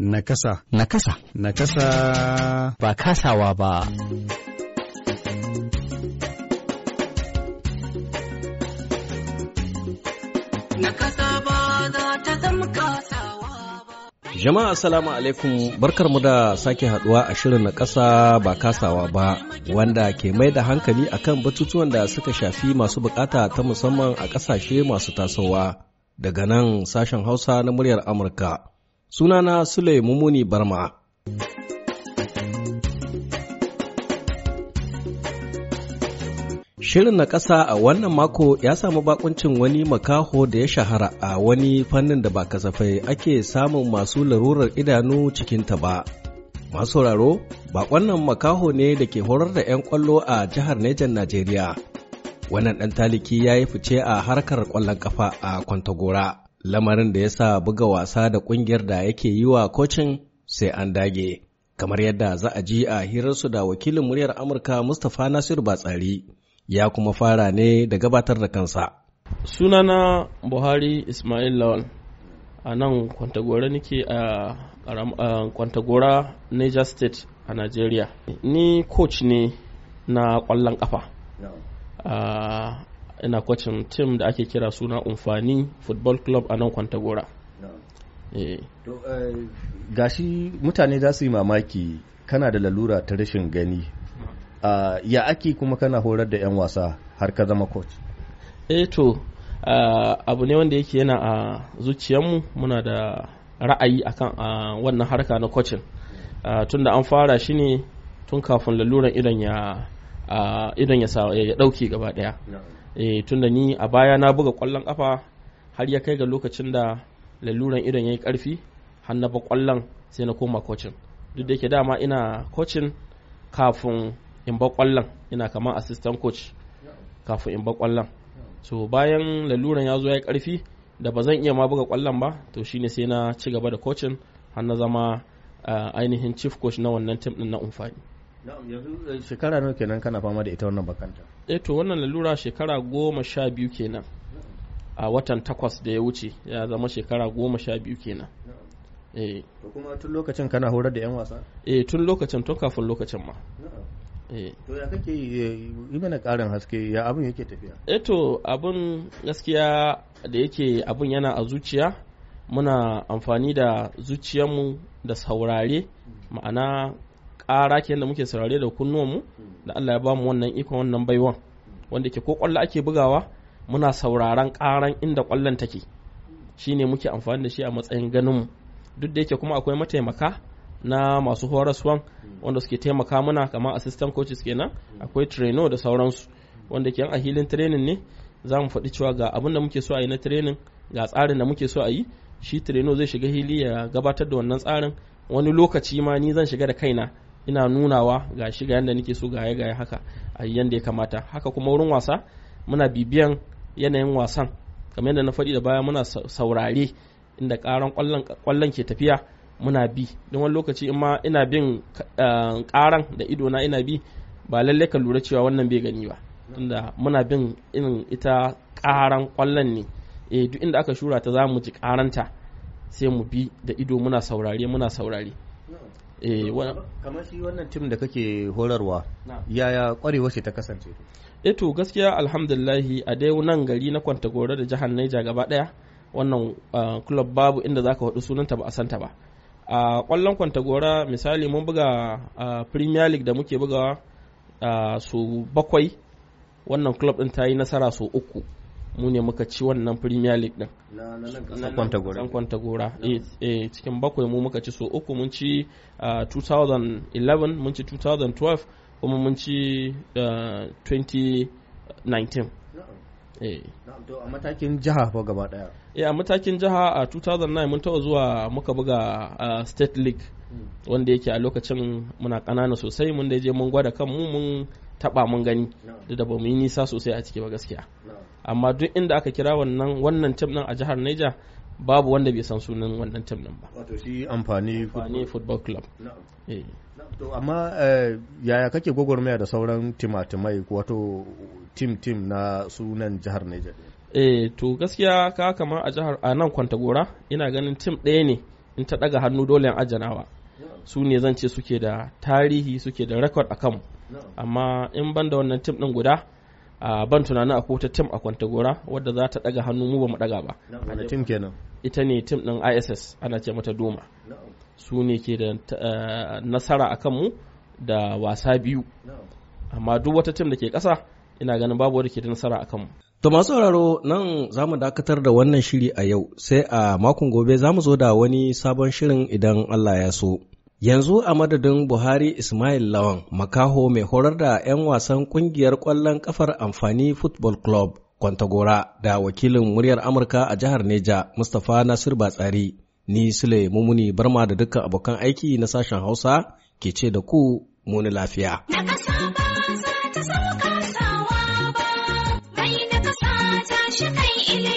Nakasa. Nakasa. Nakasa. Ba kasawa ba. Nakasa ba za ta zama kasawa ba. Jama'a salamu alaikum barkarmu da sake haduwa a shirin na kasa ba kasawa ba wanda ke mai da hankali akan batutuwan da suka shafi masu bukata ta musamman a ƙasashe masu tasowa daga nan sashen hausa na muryar Amurka. Sunana Sule Mumuni Barma. Shirin na ƙasa a wannan mako ya samu bakuncin wani makaho da ya shahara a wani fannin da ba kasafai ake samun masu larurar idanu cikinta ba. Masu raro, bakon nan makaho ne da ke horar da 'yan kwallo a jihar Nejan Najeriya. Wannan ɗan taliki ya yi fice a harkar ƙwallon ƙafa a Kwantagora. lamarin da ya sa buga wasa da ƙungiyar da yake yi wa kocin sai an dage. Kamar yadda za a ji a hirarsu da wakilin muryar Amurka Mustapha Nasiru Batsari ya kuma fara ne da gabatar da kansa. Sunana Buhari Ismail Lawal a nan Kwantagora nake a Kwantagora Niger State a Najeriya. Ni coach ne na ƙwallon ƙafa. ina kwacin tim da ake kira suna umfani football club a nan kwantagora eh. Eh, gashi mutane za su yi mamaki kana da lalura ta rashin gani ah, ya ake kuma kana horar da 'yan wasa har ka zama coach eh to ah, abu ne wanda yake yana a zuciyarmu muna da ra'ayi akan ah, wannan harka na coaching tunda an fara shi ne tun kafin laluran idan ya a idan ya ɗauke gaba ɗaya eh, tun da ni a baya na buga kwallon ƙafa har ya kai ga lokacin da laluran idan ya yi ƙarfi har na ba ƙwallon sai na koma kocin duk da yake dama ina kocin kafin in ba kwallon ina kamar assistant coach kafin in ba kwallon so bayan laluran ya zo ya yi ƙarfi da ba zan iya ma buga kwallon ba to shine sai na ci gaba da kocin har na zama ainihin chief coach na wannan tim ɗin na umfani. yanzu eh, shekara nawa kenan kana fama da ita wannan bakanta eh to wannan lalura shekara goma sha biyu kenan a watan takwas da ya wuce ya zama shekara goma sha biyu kenan eh to kuma tun lokacin kana horar da yan wasa eh tun lokacin tun kafin lokacin ma eh. to ya kake yi eh, mana karin haske ya abin yake tafiya eh to abin gaskiya da yake abin yana a zuciya muna amfani da zuciyarmu da saurare ma'ana ƙara ke da muke saurare da kunnuwanmu da Allah ya bamu wannan ikon wannan baiwan wanda ke ko kwallo ake bugawa muna sauraron ƙaran inda kwallon take shine muke amfani da shi a matsayin ganinmu duk da yake kuma akwai mataimaka na masu horaswan wanda suke taimaka muna kamar assistant coaches kenan akwai traino da sauransu wanda ke a hilin training ne za mu faɗi cewa ga abin da muke so a yi na training ga tsarin da muke so a yi shi traino zai shiga hili ya gabatar da wannan tsarin wani lokaci ma ni zan shiga da kaina ina nunawa ga shi ga nake so ga gaya haka a yanda ya kamata haka kuma wurin wasa muna bibiyan yanayin wasan kamar yadda na faɗi da baya muna saurare inda ƙaran ƙwallon ke tafiya muna bi don wani lokaci in ma ina bin eh, ƙaran da ido na ina bi ba lallai ka lura cewa wannan bai gani ba tunda muna bin irin ita ƙaran ƙwallon ne eh duk inda aka shura ta za mu ji ƙaranta sai mu bi da ido muna saurare muna saurare Eh, kamar shi wannan tim da kake horarwa yaya kwarewa ce ta kasance eto eh gaskiya alhamdulillahi a dai nan gari na kwanta gora da jihar Niger gaba daya wannan club babu inda zaka hadu sunanta ba a santa ba a kwallon kwanta gora misali mun buga Premier League da muke bugawa su bakwai wannan club din ta yi nasara su uku mu ne muka ci wannan premier league din na kwanta gora eh, eh cikin bakwai mu muka ci so uku mun ci 2011 ah, mun ci 2012 kuma mun ci 2019 ah, eh a matakin jiha fa gaba daya eh a matakin jiha a 2009 mun taɓa zuwa muka buga ah, state league hmm. wanda yake a lokacin muna kanana sosai mun da je mun gwada kanmu mun taɓa mun gani da ba mu yi nisa sosai a ciki ba gaskiya amma duk inda aka kira wannan wannan tim din a jihar Niger babu wanda bai san sunan wannan tim din ba wato shi amfani football club eh. to amma eh, yaya kake gwagwarmaya da sauran timatimai wato tim tim na sunan jihar Niger eh to gaskiya ka kama a jihar a nan Kwantagora ina ganin tim ɗaya ne in ta ɗaga hannu dole ajanawa su ne zan ce suke da tarihi suke da a akan amma in ban da wannan tim ɗin guda a ban tunanin a wata tim a kwantagora wadda za ta daga hannu mu ba mu daga ba tim kenan ita ne tim din iss ana ce mata doma su ne ke da eh, nasara akan mu da wasa biyu amma duk wata tim da ke ƙasa ina ganin babu wadda ke da nasara akan mu To masu sauraro nan za mu dakatar da wannan shiri a yau sai a makon gobe za mu zo da wani sabon shirin idan Allah ya so. Yanzu a madadin Buhari Ismail Lawan makaho mai horar da 'yan wasan kungiyar ƙwallon kafar amfani Football Club Kwantagora da wakilin muryar Amurka a jihar Neja Mustapha Nasir Batsari ni Sule Mumuni Barma da dukkan abokan aiki na sashen Hausa ke ce da ku muni lafiya. Na